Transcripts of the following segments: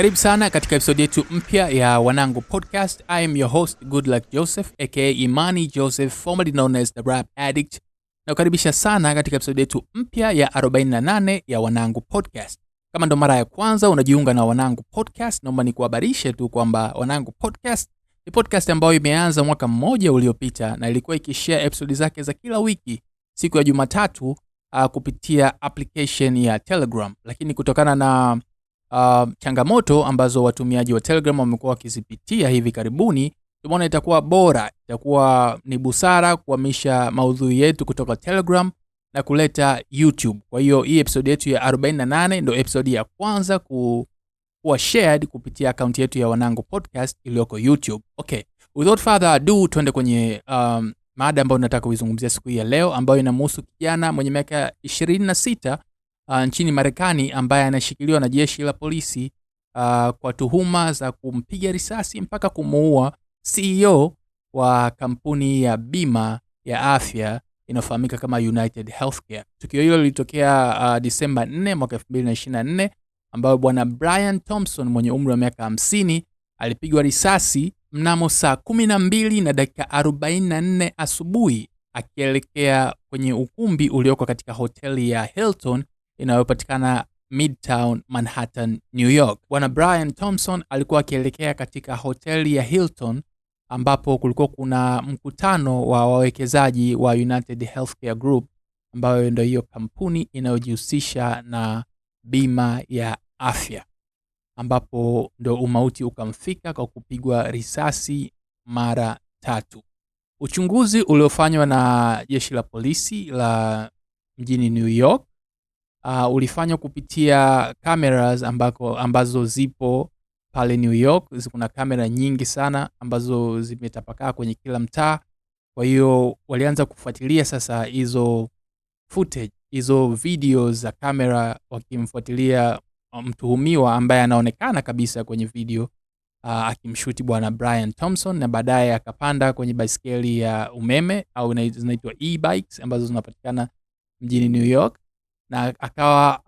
Karibu sana katika episodi yetu mpya ya Wanangu Podcast. I am your host Goodluck Joseph aka Imani Joseph, formerly known as the Rap Addict. Nakukaribisha sana katika episodi yetu mpya ya 48 ya Wanangu Podcast. Kama ndo mara ya kwanza unajiunga na Wanangu Podcast, naomba nikuhabarishe tu kwamba Wanangu Podcast ni podcast ambayo imeanza mwaka mmoja uliopita na ilikuwa ikishare episodi zake za kila wiki siku ya Jumatatu uh, kupitia application ya Telegram, lakini kutokana na uh, changamoto ambazo watumiaji wa Telegram wamekuwa wakizipitia hivi karibuni, tumeona itakuwa bora, itakuwa ni busara kuhamisha maudhui yetu kutoka Telegram na kuleta YouTube. Kwa hiyo hii episode yetu ya 48 ndio episode ya kwanza ku kuwa shared kupitia akaunti yetu ya Wanangu Podcast iliyoko YouTube. Okay, without further ado, tuende kwenye um, mada ambayo nataka kuizungumzia siku hii ya leo ambayo inamhusu kijana mwenye miaka 26 uh, nchini Marekani ambaye anashikiliwa na jeshi la polisi uh, kwa tuhuma za kumpiga risasi mpaka kumuua CEO wa kampuni ya bima ya afya inayofahamika kama United Healthcare. Tukio hilo lilitokea uh, Disemba 4 mwaka 2024 ambayo bwana Brian Thompson mwenye umri wa miaka 50 alipigwa risasi mnamo saa 12 na dakika 44 asubuhi akielekea kwenye ukumbi ulioko katika hoteli ya Hilton inayopatikana Midtown Manhattan, New York. Bwana Brian Thompson alikuwa akielekea katika hoteli ya Hilton ambapo kulikuwa kuna mkutano wa wawekezaji wa United Healthcare Group ambayo ndio hiyo kampuni inayojihusisha na bima ya afya, ambapo ndio umauti ukamfika kwa kupigwa risasi mara tatu. Uchunguzi uliofanywa na jeshi la polisi la mjini New York uh, ulifanywa kupitia cameras ambako, ambazo zipo pale New York. Kuna kamera nyingi sana ambazo zimetapakaa kwenye kila mtaa. Kwa hiyo walianza kufuatilia sasa hizo footage, hizo video za kamera, wakimfuatilia um, mtuhumiwa ambaye anaonekana kabisa kwenye video uh, ah, akimshuti bwana Brian Thompson, na baadaye akapanda kwenye baiskeli ya umeme au zinaitwa e-bikes ambazo zinapatikana mjini New York na akawa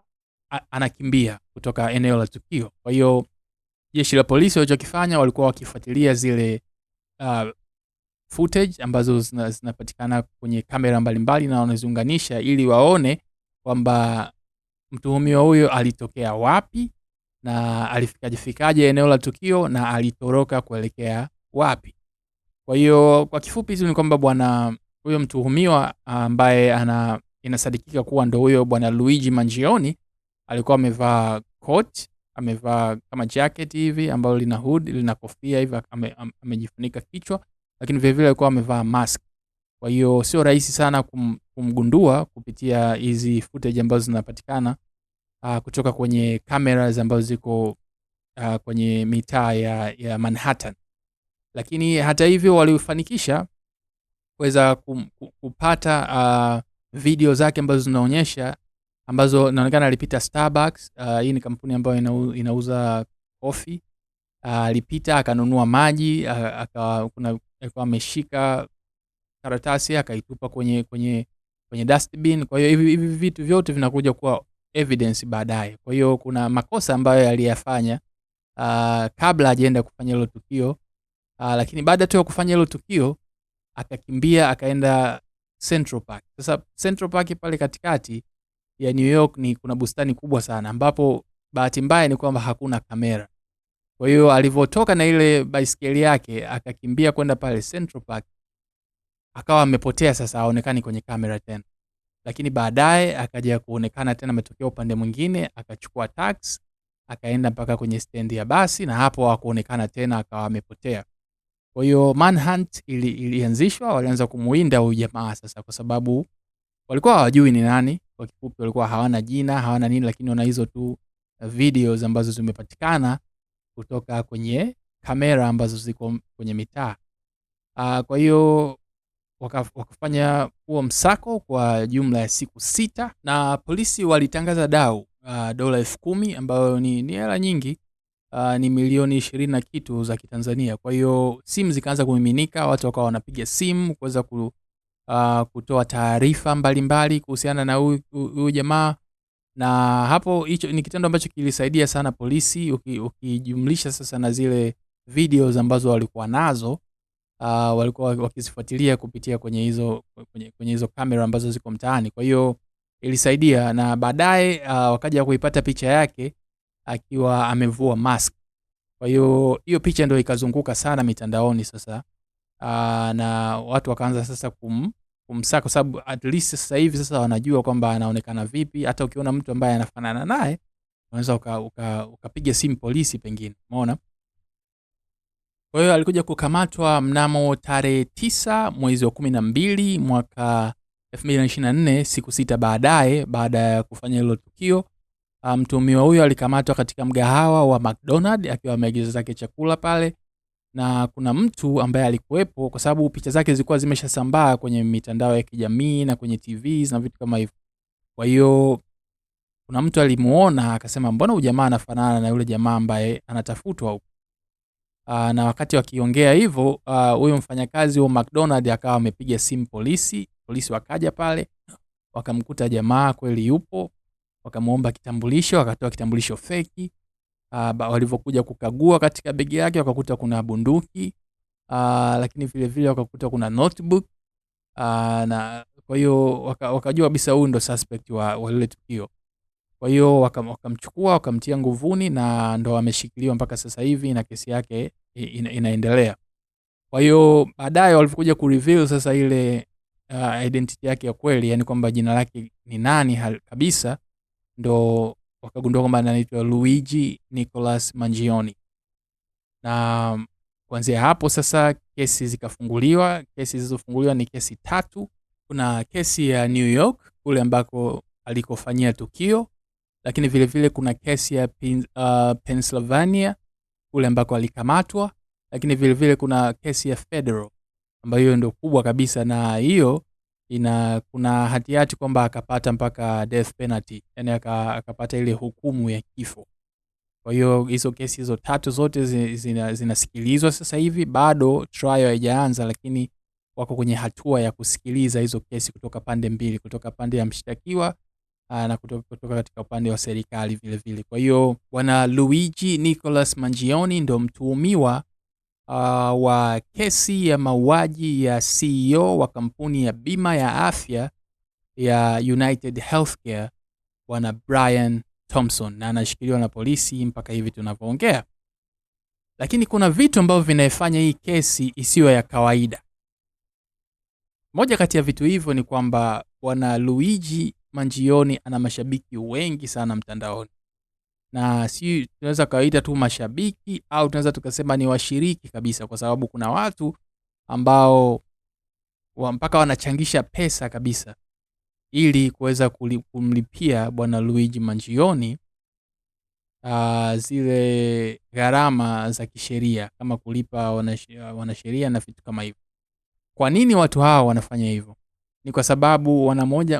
anakimbia kutoka eneo la tukio. Kwa hiyo jeshi la polisi walichokifanya walikuwa wakifuatilia zile uh, footage ambazo zinapatikana zina kwenye kamera mbalimbali na wanaziunganisha ili waone kwamba mtuhumiwa huyo alitokea wapi na alifikajifikaje eneo la tukio na alitoroka kuelekea wapi. Kwa hiyo kwa kifupi tu ni kwamba bwana huyo mtuhumiwa ambaye ana inasadikika kuwa ndo huyo bwana Luigi Mangione alikuwa amevaa coat, amevaa kama jacket hivi ambalo lina hood, lina kofia hivi ame, amejifunika kichwa, lakini vile vile alikuwa amevaa mask. Kwa hiyo sio rahisi sana kum, kumgundua kupitia hizi footage ambazo zinapatikana uh, kutoka kwenye cameras ambazo ziko uh, kwenye mitaa ya, ya Manhattan. Lakini hata hivyo walifanikisha kuweza kupata uh, video zake ambazo zinaonyesha ambazo inaonekana alipita Starbucks. Uh, hii ni kampuni ambayo ina, inauza kofi. Uh, alipita uh, akanunua maji uh, alikuwa ameshika karatasi akaitupa kwenye kwenye kwenye dustbin. Kwa hiyo hivi hivi vitu vyote vinakuja kuwa evidence baadaye. Kwa hiyo kuna makosa ambayo aliyafanya uh, kabla hajaenda kufanya hilo tukio uh, lakini baada tu ya kufanya hilo tukio akakimbia akaenda Central Park. Sasa Central Park pale katikati ya New York ni kuna bustani kubwa sana ambapo bahati mbaya ni kwamba hakuna kamera. Kwa hiyo alivyotoka na ile baisikeli yake akakimbia kwenda pale Central Park akawa amepotea, sasa haonekani kwenye kamera tena, lakini baadaye akaja kuonekana tena, ametokea upande mwingine, akachukua taxi akaenda mpaka kwenye stendi ya basi, na hapo hakuonekana tena, akawa amepotea. Kwa hiyo manhunt ili, ilianzishwa, walianza kumuinda huyu jamaa sasa, kwa sababu walikuwa hawajui ni nani. Kwa kifupi, walikuwa hawana jina, hawana nini, lakini wana hizo tu videos ambazo zimepatikana kutoka kwenye kamera ambazo ziko kwenye mitaa. Ah, kwa hiyo wakafanya huo msako kwa jumla ya siku sita, na polisi walitangaza dau uh, dola elfu kumi ambayo ni hela nyingi uh, ni milioni ishirini na kitu za Kitanzania. Kwa hiyo simu zikaanza kumiminika, watu wakawa wanapiga simu kuweza ku, uh, kutoa taarifa mbalimbali kuhusiana na huyu jamaa, na hapo hicho ni kitendo ambacho kilisaidia sana polisi, ukijumlisha uki sasa na zile videos ambazo walikuwa nazo uh, walikuwa wakizifuatilia kupitia kwenye hizo kwenye, kwenye hizo kamera ambazo ziko mtaani. Kwa hiyo ilisaidia na baadaye uh, wakaja kuipata picha yake akiwa amevua mask. Kwa hiyo hiyo picha ndio ikazunguka sana mitandaoni sasa. Aa, na watu wakaanza sasa kum, kumsaka kwa sababu at least sasa hivi sasa wanajua kwamba anaonekana vipi. Hata ukiona mtu ambaye anafanana naye unaweza ukapiga uka, uka simu polisi pengine, umeona. Kwa hiyo alikuja kukamatwa mnamo tarehe tisa mwezi wa kumi na mbili mwaka 2024 siku sita baadaye, baada ya kufanya hilo tukio Ah, mtumiwa huyo alikamatwa katika mgahawa wa McDonald akiwa ameagiza zake chakula pale, na kuna mtu ambaye alikuwepo, kwa sababu picha zake zilikuwa zimeshasambaa kwenye mitandao ya kijamii na kwenye TV na vitu kama hivyo. Kwa hiyo kuna mtu alimuona akasema, mbona huyu jamaa anafanana na yule jamaa ambaye anatafutwa huko. Ah, na wakati wakiongea hivyo ah, huyo mfanyakazi wa McDonald akawa amepiga simu polisi. Polisi wakaja pale wakamkuta jamaa kweli yupo wakamuomba kitambulisho, akatoa kitambulisho feki. Ah, walivyokuja kukagua katika begi yake wakakuta kuna bunduki uh, lakini vile vile wakakuta kuna notebook uh, na kwa hiyo waka, wakajua kabisa huyu ndo suspect wa, wa lile tukio. Kwa hiyo wakamchukua waka wakamtia nguvuni na ndo ameshikiliwa mpaka sasa hivi na kesi yake ina, inaendelea. Kwa hiyo baadaye walivyokuja kureveal sasa ile uh, identity yake ya kweli, yani kwamba jina lake ni nani hal, kabisa ndo wakagundua kwamba anaitwa Luigi Nicolas Mangione, na kuanzia hapo sasa kesi zikafunguliwa. Kesi zilizofunguliwa ni kesi tatu. Kuna kesi ya New York kule ambako alikofanyia tukio, lakini vilevile vile kuna kesi ya uh, Pennsylvania kule ambako alikamatwa, lakini vilevile vile kuna kesi ya federal ambayo hiyo ndio kubwa kabisa, na hiyo ina kuna hatihati kwamba akapata mpaka death penalty, yani akapata ile hukumu ya kifo. Kwa hiyo hizo kesi hizo tatu zote zinasikilizwa zina sasa hivi, bado trial haijaanza, lakini wako kwenye hatua ya kusikiliza hizo kesi kutoka pande mbili, kutoka pande ya mshtakiwa ah, na kutoka, kutoka katika upande wa serikali vilevile. Kwa hiyo bwana Luigi Nicolas mangioni ndo mtuhumiwa uh, wa kesi ya mauaji ya CEO wa kampuni ya bima ya afya ya United Healthcare bwana Brian Thompson, na anashikiliwa na polisi mpaka hivi tunavyoongea. Lakini kuna vitu ambavyo vinaifanya hii kesi isiyo ya kawaida. Moja kati ya vitu hivyo ni kwamba bwana Luigi Mangione ana mashabiki wengi sana mtandaoni na si tunaweza kawaita tu mashabiki au tunaweza tukasema ni washiriki kabisa, kwa sababu kuna watu ambao wa mpaka wanachangisha pesa kabisa ili kuweza kumlipia bwana Luigi Mangione uh, ah, zile gharama za kisheria kama kulipa wanasheria na vitu kama hivyo. Kwa nini watu hawa wanafanya hivyo? Ni kwa sababu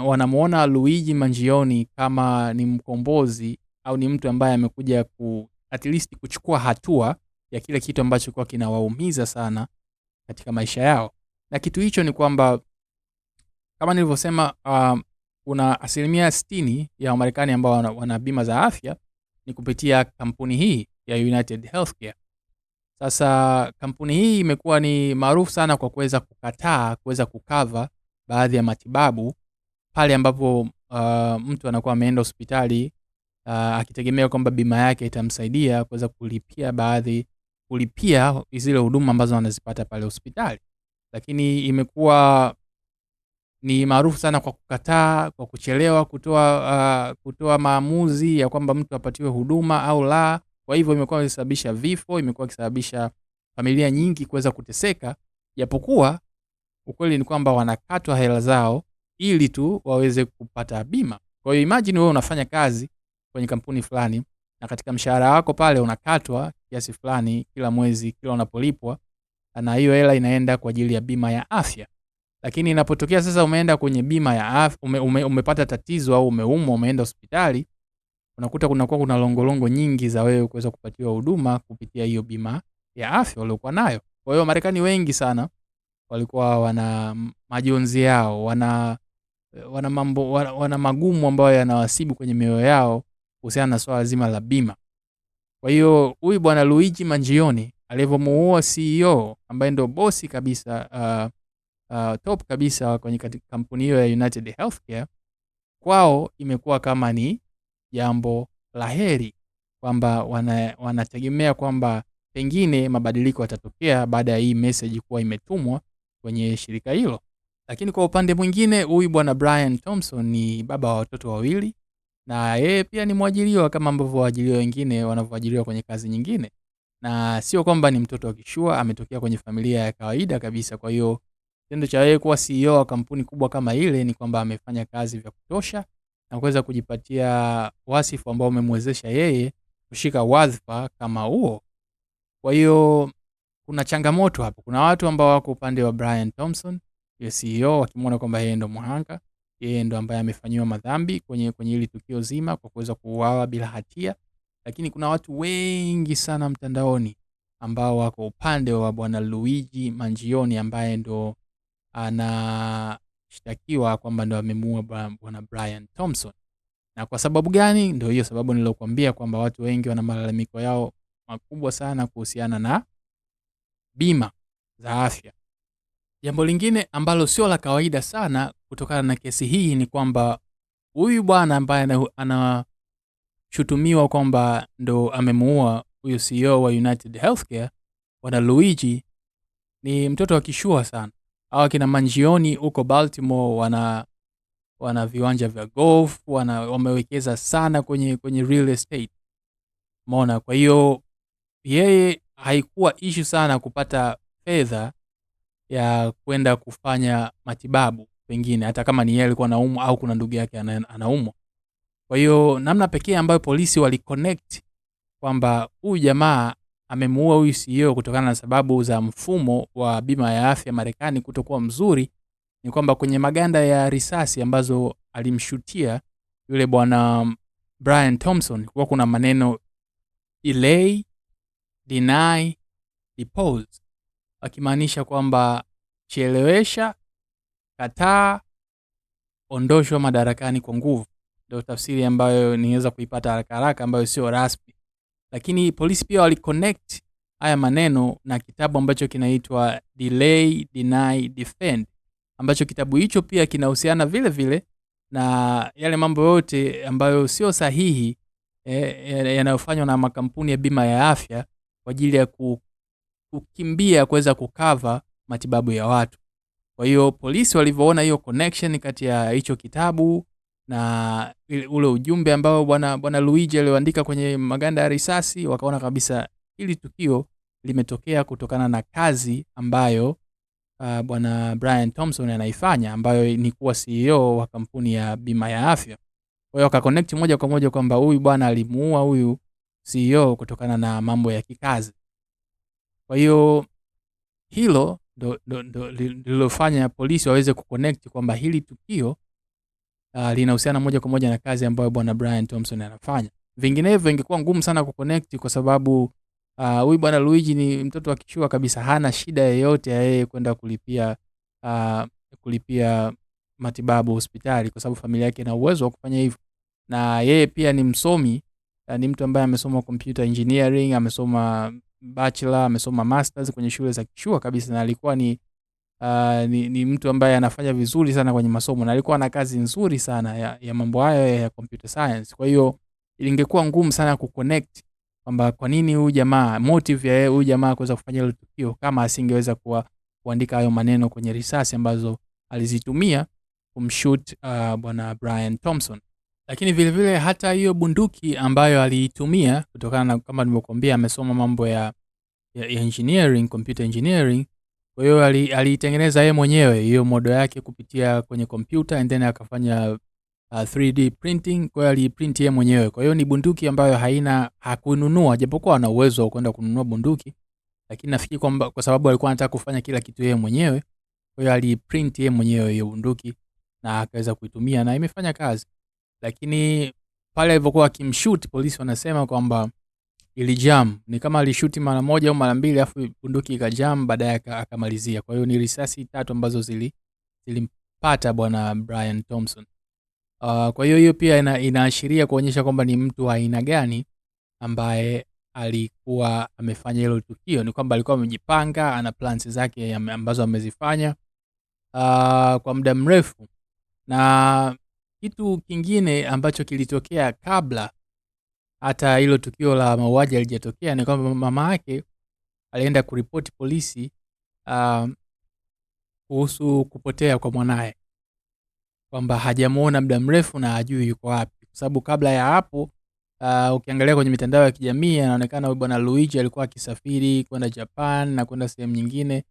wanamuona Luigi Mangione kama ni mkombozi au ni mtu ambaye amekuja ku at least kuchukua hatua ya kile kitu ambacho kwa kinawaumiza sana katika maisha yao, na kitu hicho ni kwamba kama nilivyosema, um, kuna uh, asilimia sitini ya Wamarekani ambao wana, wana bima za afya ni kupitia kampuni hii ya United Healthcare. Sasa kampuni hii imekuwa ni maarufu sana kwa kuweza kukataa kuweza kukava baadhi ya matibabu pale ambapo uh, mtu anakuwa ameenda hospitali uh, akitegemea kwamba bima yake itamsaidia kuweza kulipia baadhi kulipia zile huduma ambazo anazipata pale hospitali, lakini imekuwa ni maarufu sana kwa kukataa, kwa kuchelewa kutoa uh, kutoa maamuzi ya kwamba mtu apatiwe huduma au la. Kwa hivyo imekuwa ikisababisha vifo, imekuwa ikisababisha familia nyingi kuweza kuteseka, japokuwa ukweli ni kwamba wanakatwa hela zao ili tu waweze kupata bima. Kwa hiyo imagine wewe unafanya kazi kwenye kampuni fulani, na katika mshahara wako pale unakatwa kiasi fulani kila mwezi, kila unapolipwa, na hiyo hela inaenda kwa ajili ya bima ya afya. Lakini inapotokea sasa umeenda kwenye bima ya afya ume, ume, umepata tatizo au umeumwa, umeenda hospitali, unakuta kunakuwa kuna longolongo nyingi za wewe kuweza kupatiwa huduma kupitia hiyo bima ya afya waliokuwa nayo. Kwa hiyo Marekani wengi sana walikuwa wana majonzi yao, wana wana mambo wana, wana magumu ambayo yanawasibu kwenye mioyo yao kuhusiana na swala zima la bima. Kwa hiyo huyu bwana Luigi Mangione alivyomuua CEO ambaye ndo bosi kabisa uh, Uh, top kabisa kwenye kampuni hiyo ya United Healthcare, kwao imekuwa kama ni jambo la heri kwamba wanategemea wana kwamba pengine mabadiliko yatatokea baada ya hii message kuwa imetumwa kwenye shirika hilo. Lakini kwa upande mwingine, huyu bwana Brian Thompson ni baba wa watoto wawili na yeye pia ni mwajiriwa kama ambavyo waajiriwa wengine wanavyoajiriwa kwenye kazi nyingine, na sio kwamba ni mtoto wa kishua, ametokea kwenye familia ya kawaida kabisa. Kwa hiyo kitendo cha yeye kuwa CEO wa kampuni kubwa kama ile ni kwamba amefanya kazi vya kutosha na kuweza kujipatia wasifu ambao umemwezesha yeye kushika wadhifa kama huo. Kwa hiyo kuna changamoto hapo. Kuna watu ambao wako upande wa Brian Thompson, CEO, wakimwona kwamba yeye ndo mhanga, yeye ndo ambaye amefanyiwa madhambi kwenye kwenye hili tukio zima kwa kuweza kuuawa bila hatia, lakini kuna watu wengi sana mtandaoni ambao wako upande wa bwana Luigi Mangione ambaye ndo anashtakiwa kwamba ndo amemuua bwana Brian Thompson. Na kwa sababu gani? Ndo hiyo sababu nilokuambia kwamba watu wengi wana malalamiko yao makubwa sana kuhusiana na bima za afya Jambo lingine ambalo sio la kawaida sana kutokana na kesi hii ni kwamba huyu bwana ambaye anashutumiwa kwamba ndo amemuua huyu CEO wa United Healthcare Bwana Luigi ni mtoto wa kishua sana. Hawa kina manjioni huko Baltimore wana wana viwanja vya golf, wana wamewekeza sana kwenye kwenye real estate. Umeona? Kwa hiyo yeye haikuwa ishu sana kupata fedha ya kwenda kufanya matibabu pengine hata kama ni yeye alikuwa anaumwa au kuna ndugu yake anaumwa. Kwa hiyo namna pekee ambayo polisi waliconnect kwamba huyu jamaa amemuua huyu CEO kutokana na sababu za mfumo wa bima ya afya Marekani kutokuwa mzuri ni kwamba kwenye maganda ya risasi ambazo alimshutia yule bwana Brian Thompson kuwa kuna maneno delay, deny, depose akimaanisha kwamba chelewesha, kataa, ondoshwa madarakani kwa nguvu. Ndio tafsiri ambayo niweza kuipata haraka haraka, ambayo sio rasmi, lakini polisi pia waliconnect haya maneno na kitabu ambacho kinaitwa Delay, Deny, Defend ambacho kitabu hicho pia kinahusiana vile vile na yale mambo yote ambayo sio sahihi eh, eh yanayofanywa na makampuni ya bima ya afya kwa ajili ya kukimbia kuweza kukava matibabu ya watu. Kwa hiyo polisi walivyoona hiyo connection kati ya hicho kitabu na ule ujumbe ambao bwana bwana Luigi alioandika kwenye maganda ya risasi, wakaona kabisa hili tukio limetokea kutokana na kazi ambayo uh, bwana Brian Thompson anaifanya ambayo ni kuwa CEO wa kampuni ya bima ya afya. Kwa hiyo wakaconnect moja kwa moja kwamba huyu bwana alimuua huyu CEO kutokana na mambo ya kikazi. Kwa hiyo hilo ndo lililofanya polisi waweze kuconnect kwamba hili tukio uh, linahusiana moja kwa moja na kazi ambayo bwana Brian Thompson anafanya. Vinginevyo ingekuwa ngumu sana kuconnect kwa sababu ah, huyu uh, bwana Luigi ni mtoto wa kichua kabisa, hana shida yoyote ya yeye kwenda kulipia uh, kulipia matibabu hospitali, kwa sababu familia yake ina uwezo wa kufanya hivyo, na yeye pia ni msomi, ni mtu ambaye amesoma computer engineering, amesoma bachelor, amesoma masters kwenye shule za kishua kabisa, na alikuwa ni, uh, ni, ni mtu ambaye anafanya vizuri sana kwenye masomo na alikuwa na kazi nzuri sana ya, ya mambo hayo ya computer science. Kwa hiyo ilingekuwa ngumu sana kuconnect kwamba kwa nini huyu jamaa motive ya huyu jamaa kuweza kufanya hilo tukio kama asingeweza kuwa kuandika hayo maneno kwenye risasi ambazo alizitumia kumshoot uh, bwana Brian Thompson. Lakini vilevile vile hata hiyo bunduki ambayo aliitumia kutokana na kama nilivyokuambia amesoma mambo ya, ya engineering, computer engineering. Kwa hiyo aliitengeneza ali yeye mwenyewe hiyo modo yake kupitia kwenye kompyuta and then akafanya uh, 3D printing. Kwa hiyo aliiprint yeye mwenyewe. Kwa hiyo ni bunduki ambayo haina hakununua, japokuwa ana uwezo wa kwenda kununua bunduki, lakini nafikiri kwamba kwa sababu alikuwa anataka kufanya kila kitu yeye mwenyewe, kwa hiyo aliiprint yeye mwenyewe hiyo bunduki na akaweza kuitumia na imefanya kazi lakini pale alivyokuwa akimshuti, polisi wanasema kwamba ilijam, ni kama alishuti mara moja au mara mbili, afu bunduki ikajam, baadaye akamalizia. Kwa hiyo ni risasi tatu ambazo zili zilimpata bwana Brian Thompson. Uh, kwa hiyo hiyo pia ina, inaashiria kuonyesha kwamba ni mtu wa aina gani ambaye alikuwa amefanya hilo tukio. Ni kwamba alikuwa amejipanga, ana plans zake ambazo amezifanya uh, kwa muda mrefu na kitu kingine ambacho kilitokea kabla hata hilo tukio la mauaji alijatokea ni kwamba mama yake alienda kuripoti polisi um, kuhusu kupotea kwa mwanaye, kwamba hajamuona muda mrefu na hajui yuko wapi, kwa sababu kabla ya hapo uh, ukiangalia kwenye mitandao ya kijamii anaonekana huyu bwana Luigi alikuwa akisafiri kwenda Japan na kwenda sehemu nyingine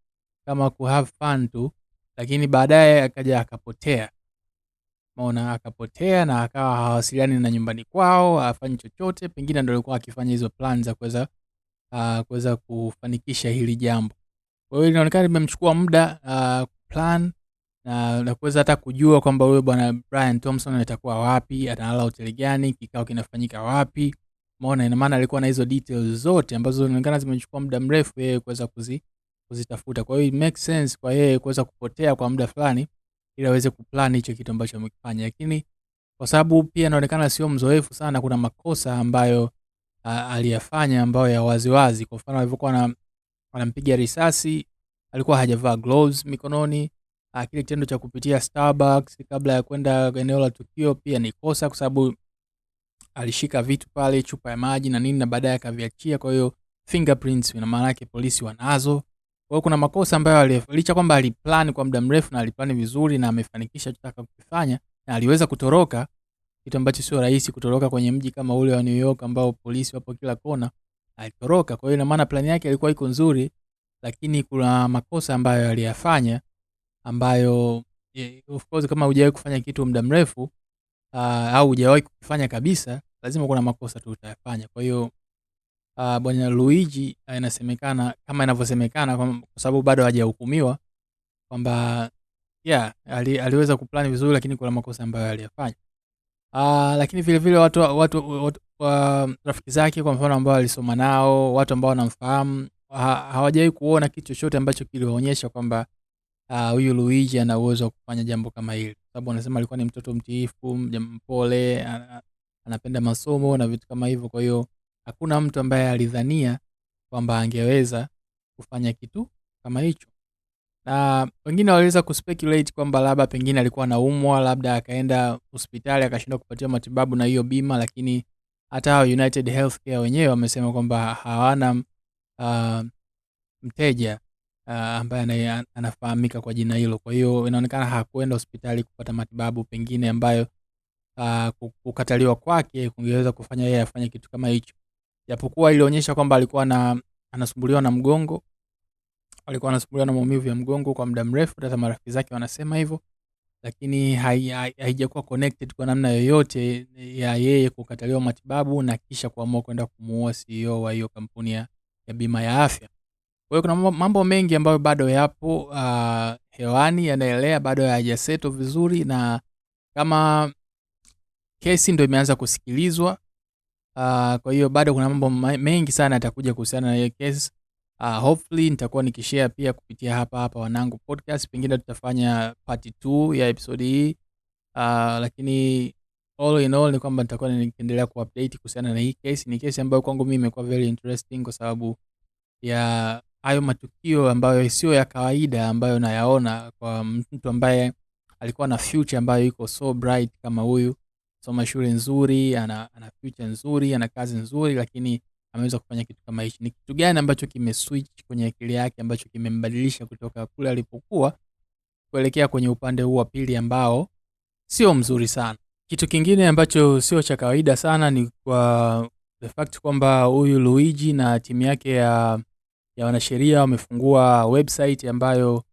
kama ku have fun tu, lakini baadaye akaja akapotea maona akapotea na akawa hawasiliani na nyumbani kwao, hafanyi chochote. Pengine ndio alikuwa akifanya hizo plan za kuweza uh, kuweza kufanikisha hili jambo. Kwa hiyo inaonekana limemchukua muda uh, plan na, na kuweza hata kujua kwamba huyo bwana Brian Thompson atakuwa wapi, atalala hoteli gani, kikao kinafanyika wapi. Maona ina maana alikuwa na hizo details zote ambazo inaonekana zimechukua muda mrefu yeye kuweza kuzi, kuzitafuta. Kwa hiyo it makes sense kwa yeye kuweza kupotea kwa muda fulani ili aweze kuplan hicho kitu ambacho amekifanya, lakini kwa sababu pia inaonekana sio mzoefu sana, kuna makosa ambayo aliyafanya ambayo ya waziwazi. Kwa mfano alivyokuwa anampiga risasi alikuwa hajavaa gloves mikononi. kile kitendo cha kupitia Starbucks kabla ya kwenda eneo la tukio pia ni kosa, kwa sababu alishika vitu pale, chupa ya maji na nini, na baadaye akaviachia. Kwa hiyo fingerprints, maana yake polisi wanazo kwa kuna makosa ambayo licha kwamba aliplan kwa muda mrefu na aliplan vizuri na amefanikisha anachotaka kukifanya na aliweza kutoroka, kitu ambacho sio rahisi kutoroka kwenye mji kama ule wa New York ambao polisi wapo kila kona. Alitoroka, kwa hiyo ina maana plani yake ilikuwa iko nzuri, lakini kuna makosa ambayo aliyafanya ambayo yeah, of course kama hujawahi kufanya kitu muda mrefu uh, au hujawahi kufanya kabisa, lazima kuna makosa tu utayafanya. Kwa hiyo uh, bwana Luigi uh, inasemekana kama inavyosemekana, kwa sababu bado hajahukumiwa kwamba yeah, ali, aliweza kuplani vizuri, lakini kuna makosa ambayo aliyafanya. Uh, lakini vile vile watu, watu, watu uh, rafiki zake kwa mfano ambao alisoma nao, watu ambao wanamfahamu ha, hawajawahi kuona kitu chochote ambacho kiliwaonyesha kwamba huyu uh, Luigi ana uwezo wa kufanya jambo kama hili, sababu wanasema alikuwa ni mtoto mtiifu, mpole, anapenda masomo na vitu kama hivyo, kwa hiyo Hakuna mtu ambaye alidhania kwamba angeweza kufanya kitu kama hicho, na wengine waliweza ku kwamba labda pengine alikuwa anaumwa, labda akaenda hospitali akashindwa kupatiwa matibabu na hiyo bima, lakini hata United Healthcare wenyewe wamesema kwamba hawana uh, mteja uh, ambaye anafahamika kwa jina hilo. Kwa hiyo inaonekana hakuenda hospitali kupata matibabu pengine ambayo uh, kukataliwa kwake kungeweza kufanya yeye afanye kitu kama hicho japokuwa ilionyesha kwamba alikuwa na, anasumbuliwa na mgongo, alikuwa anasumbuliwa na maumivu ya mgongo kwa muda mrefu, hata marafiki zake wanasema hivyo, lakini haijakuwa connected kwa namna yoyote ya yeye kukataliwa matibabu na kisha kuamua kwenda kumuua CEO wa hiyo kampuni ya bima ya afya. Kwa hiyo kuna mambo mengi ambayo bado yapo uh, hewani yanaelea, bado hayajaseto vizuri, na kama kesi ndo imeanza kusikilizwa Uh, kwa hiyo bado kuna mambo mengi sana yatakuja kuhusiana na hiyo kesi. Uh, ah, hopefully nitakuwa nikishare pia kupitia hapa hapa Wanangu Podcast, pengine tutafanya part 2 ya episode hii. Uh, lakini all in all ni kwamba nitakuwa nikiendelea kuupdate kuhusiana na hii kesi. Ni kesi ambayo kwangu mimi imekuwa very interesting kwa sababu ya hayo matukio ambayo sio ya kawaida ambayo nayaona kwa mtu ambaye alikuwa na future ambayo iko so bright kama huyu soma shule nzuri, ana, ana future nzuri, ana kazi nzuri, lakini ameweza kufanya kitu kama hichi. Ni kitu gani ambacho kimeswitch kwenye akili yake ambacho kimembadilisha kutoka kule alipokuwa kuelekea kwenye upande huu wa pili ambao sio mzuri sana. Kitu kingine ambacho sio cha kawaida sana ni kwa the fact kwamba huyu Luigi na timu yake ya, ya wanasheria wamefungua website ambayo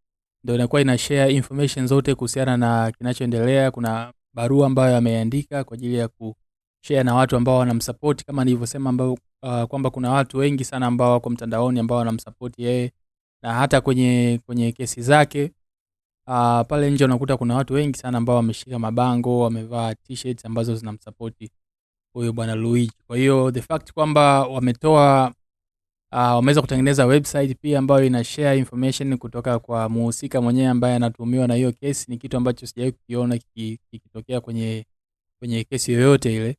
ndio inakuwa ina share information zote kuhusiana na kinachoendelea. Kuna barua ambayo ameandika kwa ajili ya kushare na watu ambao wanamsupport kama nilivyosema, ambao uh, kwamba kuna watu wengi sana ambao wako mtandaoni ambao wanamsupport yeye na hata kwenye kwenye kesi zake uh, pale nje unakuta kuna watu wengi sana ambao wameshika mabango, wamevaa t-shirts ambazo zinamsupport huyo bwana Luigi. Kwa hiyo the fact kwamba wametoa uh, wameweza kutengeneza website pia ambayo ina share information kutoka kwa muhusika mwenyewe ambaye anatuhumiwa na hiyo kesi. Ni kitu ambacho sijawahi kukiona kikitokea kwenye kwenye kesi yoyote ile.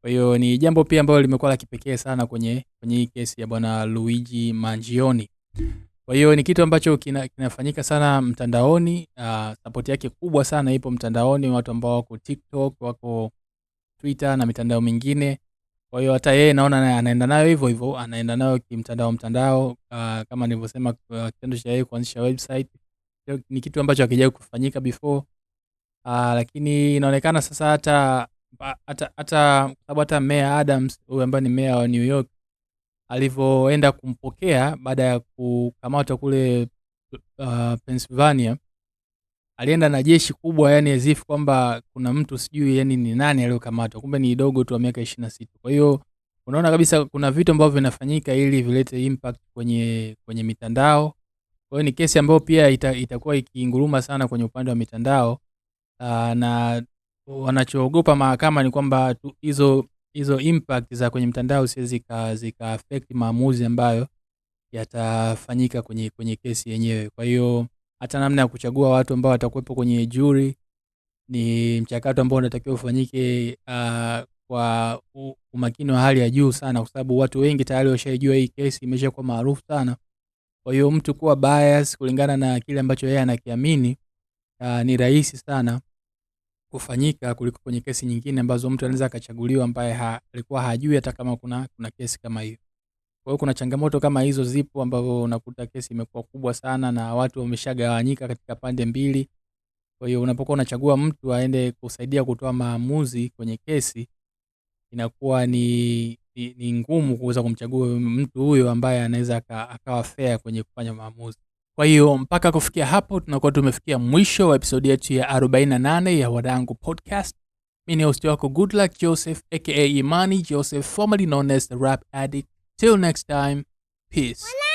Kwa hiyo ni jambo pia ambalo limekuwa la kipekee sana kwenye kwenye hii kesi ya bwana Luigi Mangione. Kwa hiyo ni kitu ambacho kina, kinafanyika sana mtandaoni. Uh, support yake kubwa sana ipo mtandaoni, watu ambao wako TikTok, wako Twitter na mitandao mingine kwa hiyo hata yeye naona na anaenda nayo hivyo hivyo, anaenda nayo kimtandao mtandao. Uh, kama nilivyosema, uh, kitendo cha yeye kuanzisha website ni kitu ambacho hakijawahi kufanyika before. Uh, lakini inaonekana sasa hata ah, hata hata sababu hata Mayor Adams huyu ambaye ni Mayor wa New York alivyoenda kumpokea baada ya kukamata kule uh, Pennsylvania alienda na jeshi kubwa, yani azifu kwamba kuna mtu sijui yani ni nani aliyokamatwa, kumbe ni dogo tu wa miaka sita. Kwa hiyo unaona kabisa kuna vitu ambavyo vinafanyika ili vilete impact kwenye kwenye mitandao. Kwa hiyo ni kesi ambayo pia ita, itakuwa ikiinguruma sana kwenye upande wa mitandao aa, ah, na wanachoogopa mahakama ni kwamba hizo hizo impact za kwenye mtandao si zika, zika affect maamuzi ambayo yatafanyika kwenye kwenye kesi yenyewe. Kwa hiyo hata namna ya kuchagua watu ambao watakuwepo kwenye juri ni mchakato ambao unatakiwa ufanyike uh, kwa umakini wa hali ya juu sana, kwa sababu watu wengi tayari washaijua hii kesi, imeshakuwa maarufu sana. Kwa hiyo mtu kuwa bias kulingana na kile ambacho yeye anakiamini uh, ni rahisi sana kufanyika kuliko kwenye kesi nyingine ambazo mtu anaweza akachaguliwa ambaye ha, alikuwa hajui hata kama kuna, kuna kesi kama hiyo. Kwa hiyo kuna changamoto kama hizo zipo, ambavyo unakuta kesi imekuwa kubwa sana na watu wameshagawanyika katika pande mbili. Kwa hiyo unapokuwa unachagua mtu aende kusaidia kutoa maamuzi kwenye kesi, inakuwa ni, ni, ni ngumu kuweza kumchagua mtu huyo ambaye anaweza akawa fea kwenye kufanya maamuzi. Kwa hiyo mpaka kufikia hapo tunakuwa tumefikia mwisho wa episodi yetu ya 48 ya Wadangu Podcast. Mi ni host wako Goodluck Joseph aka Imani Joseph, formally known as the Rap Addict. Till next time, peace.